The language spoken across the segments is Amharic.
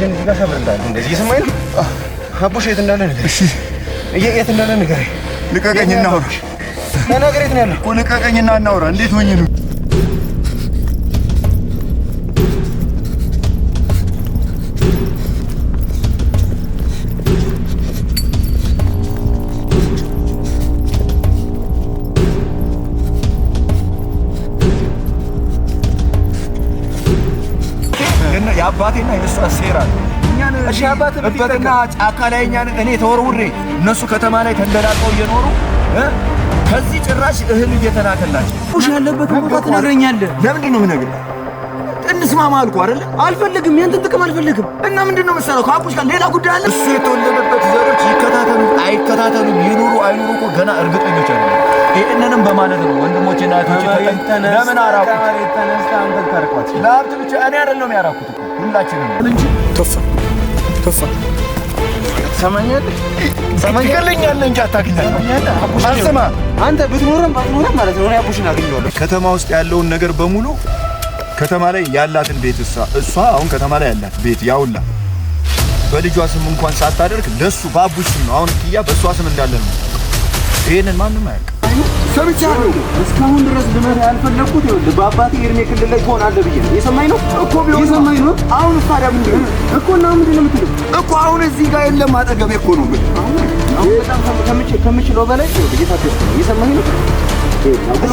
ግን እዚህ ጋር ሰብር እንዳለ እንደዚህ እየሰማኝ ነው። አቦሽ የት እንዳለ ነገር እሺ፣ የት እንዳለ ነገር ልቀቀኝና አውራ ተናገር። የት ነው ያለው? ልቀቀኝና እናውራ። እንዴት ሆኜ ነው የአባቴና የእሷ ሴራ እሺ፣ አባት ጫካ ላይ እኛን እኔ ተወርውሬ እነሱ ከተማ ላይ ተንደላቀው እየኖሩ ከዚህ ጭራሽ እህል እየተላከላቸው ሽ ያለበት ቦታ ትነግረኛለህ። ለምንድን ነው የምነግርህ? እንስማማ አልኩህ አይደለ? አልፈልግም፣ ያንተን ጥቅም አልፈልግም። እና ምንድን ነው መሰለው ከአቁሽ ጋር ሌላ ጉዳይ አለ። እሱ የተወለደበት ዘሮች ይከታተሉ አይከታተሉ ይኑሩ አይኑሩ እኮ ገና እርግጠኞች ይህንንም በማለት ነው ወንድሞቼ እና እህቶቼ ለምን ለሀብት ብቻ እኔ አይደለሁም ያራኩት እኮ ሁላችንም እንጂ አንተ ማለት ነው አቡሽን አገኘዋለሁ። ከተማ ውስጥ ያለውን ነገር በሙሉ ከተማ ላይ ያላትን ቤት እሷ እሷ አሁን ከተማ ላይ ያላት ቤት ያውላ በልጇ ስም እንኳን ሳታደርግ ለሱ በአቡሽ ነው አሁን ክያ በእሷ ስም እንዳለ ነው። ይህንን ማንም አያውቅም። ሰምቻለሁ። እስካሁን ድረስ ልመት ያልፈለግኩት ይኸውልህ፣ በአባቴ የእድሜ ክልል ላይ ትሆናለህ ብዬ ነው። የሰማኝ ነው እኮ ቢሆን የሰማኝ ነው። አሁን ታዲያ ምንድን ነው እኮ እና ምንድን ነው የምትለው እኮ? አሁን እዚህ ጋር የለም አጠገቤ እኮ ነው የምልህ። አሁን በጣም ከምችለው በላይ እየታገስኩ ነው። የሰማኝ ነው። አቡሽ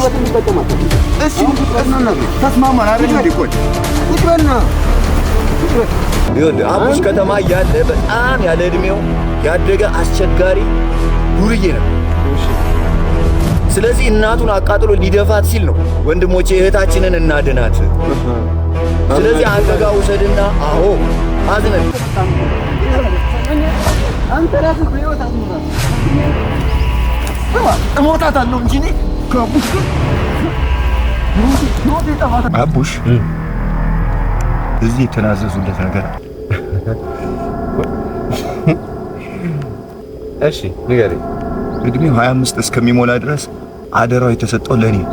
ከተማ ያለ በጣም ያለ እድሜው ያደገ አስቸጋሪ ዱርዬ ነው። ስለዚህ እናቱን አቃጥሎ ሊደፋት ሲል ነው። ወንድሞቼ እህታችንን እናድናት። ስለዚህ አንተ ጋር ውሰድና፣ አዎ አዝነን እሞታታለሁ እንጂ አቡሽ እዚህ የተናዘዙለት ነገር እሺ፣ ንገሪኝ እድሜው 25 እስከሚሞላ ድረስ አደራው የተሰጠው ለኔ ነው።